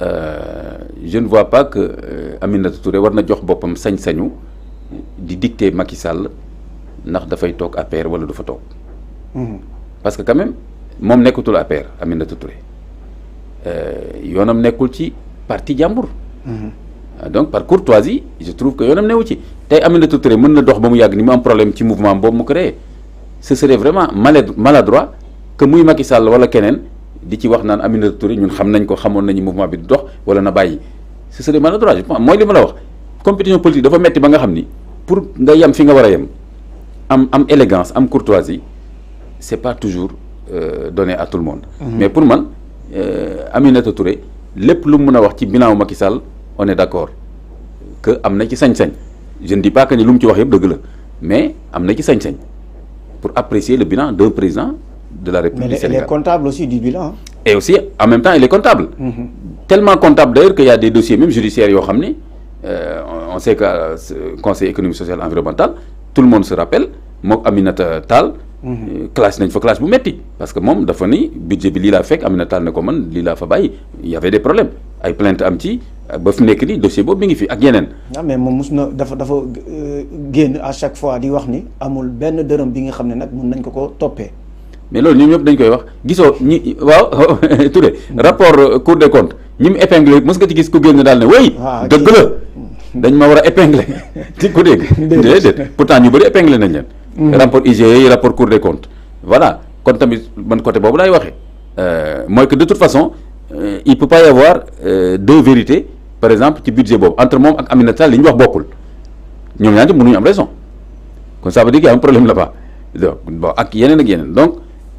Euh, je ne vois pas que euh, Aminata Touré warna jox bopam sañ-sañu di dicter Macky Sall ndax dafay toog APR wala du fa toog. Mhm. parce que quand même moom nekkatul APR Aminata Touré euh, yonam nekul ci parti -hmm. donc par courtoisie je trouve que yonam newu ci tay Aminata Touré meun na dox ba yag ni mu am problème ci mouvement boobu créer ce serait vraiment maladroit que muy Macky Sall wala kenen di ci wax naan Aminata Touré ñun xam nañ ko xamoon mouvement bi dox wala na C'est ce serait maladroit mooy li ma la wax compétition politique dafa metti ba nga xam pour nga yem fi nga am élégance am courtoisie c'est pas toujours euh, donné à tout le monde. Mhm. mais pour man euh, Aminata Touré lépp lu mun a wax ci bilan Macky Sall on est d'accord que am na ci sañ-sañ je ne dis pas que ni lu ci wax la mais am na ci sañ-sañ pour apprécier le bilan d'un président de la République du Mais elle est comptable aussi du bilan. Hein et aussi en même temps il est comptable. Mhm. Tellement comptable d'ailleurs qu'il y a des dossiers même judiciaires yo euh, on sait que le euh, conseil économique social environnemental tout le monde se rappelle mok Aminata Tal, classe classe parce que moi, dafa budget il Aminata ne il y avait des problèmes il plainte amti, ba dossier mi mais euh, à chaque fois di wax ni amul qui bi nga mais loolu ñoom ñëpp dañ koy wax waaw rapport euh, cour des comptes ñi épinglé ci gis ah, dañ ma pourtant ñu bëri épinglé mm. rapport IGE rapport cour des comptes voilà kon euh, que de toute façon euh, il peut pas y avoir deux vérités par exemple ci budget entre moom ak Aminata li raison ça veut dire qu'il y a un problème là-bas donc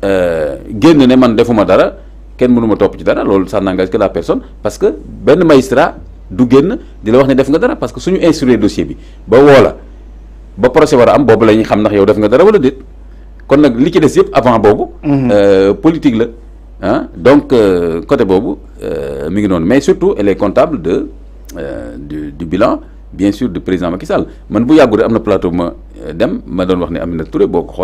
euh, génn ne man defuma dara kenn mënu ma topp ci dara lolou ça n'engage que la personne parce que ben magistrat du génn dila wax ne def nga dara parce que suñu instruire dossier bi ba wola ba procès war am bobu la xam nak yow def nga dara wala dit kon nak li ci dess yëpp avant bobu mhm. euh politique la hein donc euh, côté boobu euh, mi ngi non mais surtout elle est comptable de du du bilan. bien sûr du président Macky Sall man bu yàggul am na plateau ma dem ma don wax ne Aminata Touré boo ko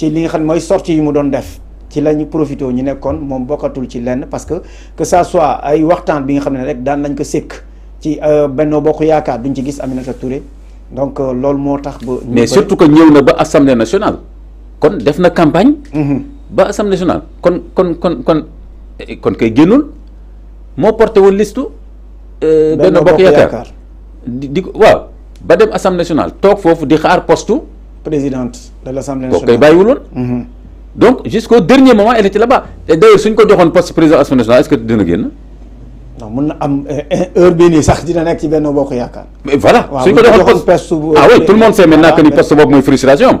ci li nga xam moy sortie yi mu doon def ci lañu profito ñu nekkon mom bokatul ci lenn parce que que ça soit ay waxtaan bi nga xam ne rek daan nañ ko sékk ci euh, Benno bokku Yaakaar duñ ci gis Aminata Touré donc euh, lool moo tax ba. mais surtout que ñëw na ba assemblée nationale. kon def na campagne. Mm-hmm. ba assemblée nationale kon kon kon kon eh, kon kay gennul mo porter won liste euh Benno bokku Yaakaar di waaw ba dem assemblée nationale tok fofu di xaar poste présidente de l'Assemblée nationale mhm. donc jusqu'au dernier moment elle était là-bas et d'ailleurs suñ ko un poste président Assemblée nationale est-ce que dina génn. non mun na am eh, eh, heure bii nii sax dina nekk ci benn bokk yaakaar. mais voilà suñ ko joxoon poste ah oui tout le monde sait maintenant que ni poste boobu frustration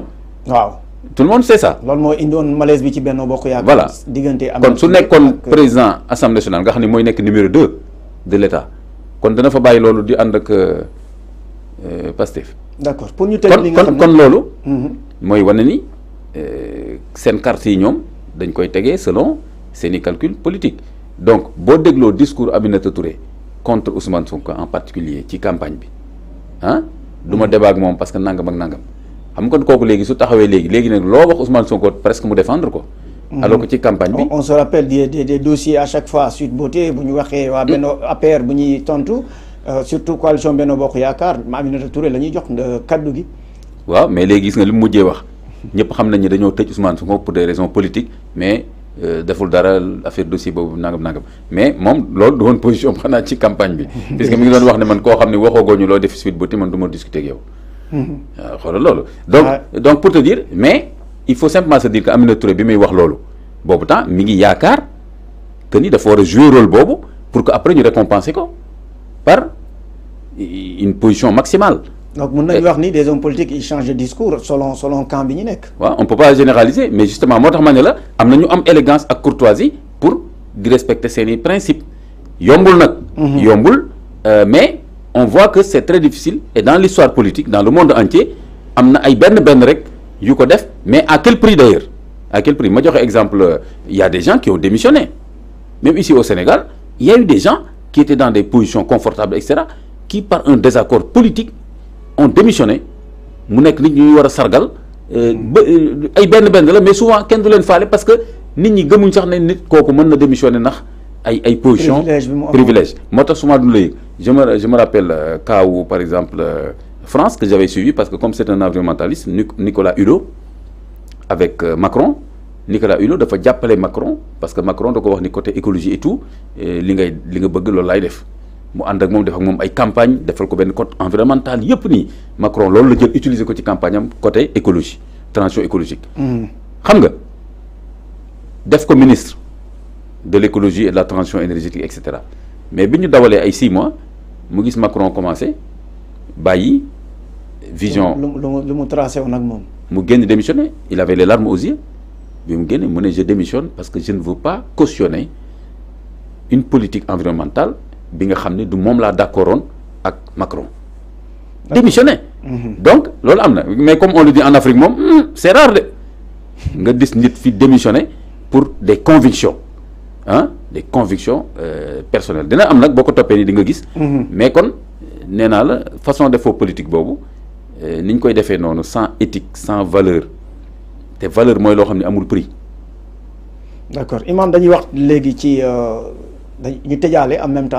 tout le monde sait ça. loolu moo indiwoon malaise bi ci benn bokk yaakaar. voilà Donc, am kon su un président Assemblée nationale nga xam un numéro 2 de l'État kon dana fa bàyyi loolu di ànd ak euh, euh, Pastef d'accord pour ñu teg li nga xam ne kon kon loolu. Mhm. mooy wane ni euh, carte yi ñoom dañ koy selon seen calculs politiques. donc bon déglo, discours Aminata Touré contre Ousmane Sonko en particulier ci campagne bi ah Duma mhm. débat ak parce que nangam ak nangam xam nga koku légui su taxawé légui, légui nak lo wax Ousmane Sonko presque mu défendre ko. Mhm. alors que ci campagne bi. on se rappelle des des dossiers à chaque fois suite Beauté bu ñu waxee. waa hmm. APR bu tontu. Euh, surtout coalition Benno Bokk yakar Aminata Touré lañuy ñuy jox kaddu gi. Wa, mais léegi gis nga li mu wax ñepp xam nañ ne dañoo tejj Ousmane Sonko pour des raisons politiques mais euh, deful dara affaire dossier bobu nangam nangam mais mom lool doon position xana ci campagne bi. que mi ngi doon wax ne man ko xamni waxo waxoogoo ñu def suite bouti man du ma discuter ak yow. waaw xoolal loolu. donc donc pour te dire mais il faut simplement se dire que Amina Touré bi muy wax lool bobu temps mi ngi Yaakar, que ni dafa war jouer rôle bobu pour que après ñu récompenser ko par une position maximale. donc on nañu ni des hommes politiques ils changent de discours selon selon camp bi peut pas généraliser mais justement nous avons une am élégance courtoisie pour respecter ces principes yombul mhm. yombul euh, mais on voit que c'est très difficile et dans l'histoire politique dans le monde entier Il y ay benn benn rek mais à quel prix d'ailleurs à quel prix ma exemple euh, il y a des gens qui ont démissionné même ici au Sénégal il y a eu des gens qui étaient dans des positions confortables, etc., qui, par un désaccord politique, ont démissionné. Nous avons sargal. Euh, euh, ay sargal. mais souvent kenn du leen faale parce que nit ñi gëmuñ sax ne nit démissionné. mën na démissionner privilège Moi, souvent du je me je me rappelle euh, cas par exemple France que j'avais suivi parce que comme c'est un environnementaliste Nicolas Hulot avec Macron Nicolas Hulot dafa jàppale Macron parce que Macron da ko wax ni côté écologie et tout li ngay li nga bëgg lool lay def mu il ak mom def ak mom ay campagne defal ko ben côté environnemental yépp ni Macron lool la jël utiliser ko ci campagne am côté écologie transition écologique. Hmm. xam nga def ko ministre de l'écologie et de la transition énergétique etc. mais biñu dawalé ay 6 mois mu gis Macron commencé bàyyi vision. lu mu lu mu tracé mu génn démissionné il avait les larmes aux yeux je démissionne parce que je ne veux pas cautionner une politique environnementale qui nga xamné ne du mom la d'accordone Macron démissionner mhm. donc lolu mais comme on le dit en Afrique hmm, c'est rare de nga dis nit fi démissionner pour des convictions hein, des convictions euh, personnelles dina am nak boko topé ni di nga gis mhm. mais kon nee la façon de faux politique c'est euh, niñ koy sans éthique sans valeur la valeur prix. D'accord. Imam, dañuy wax ci euh, en même temps.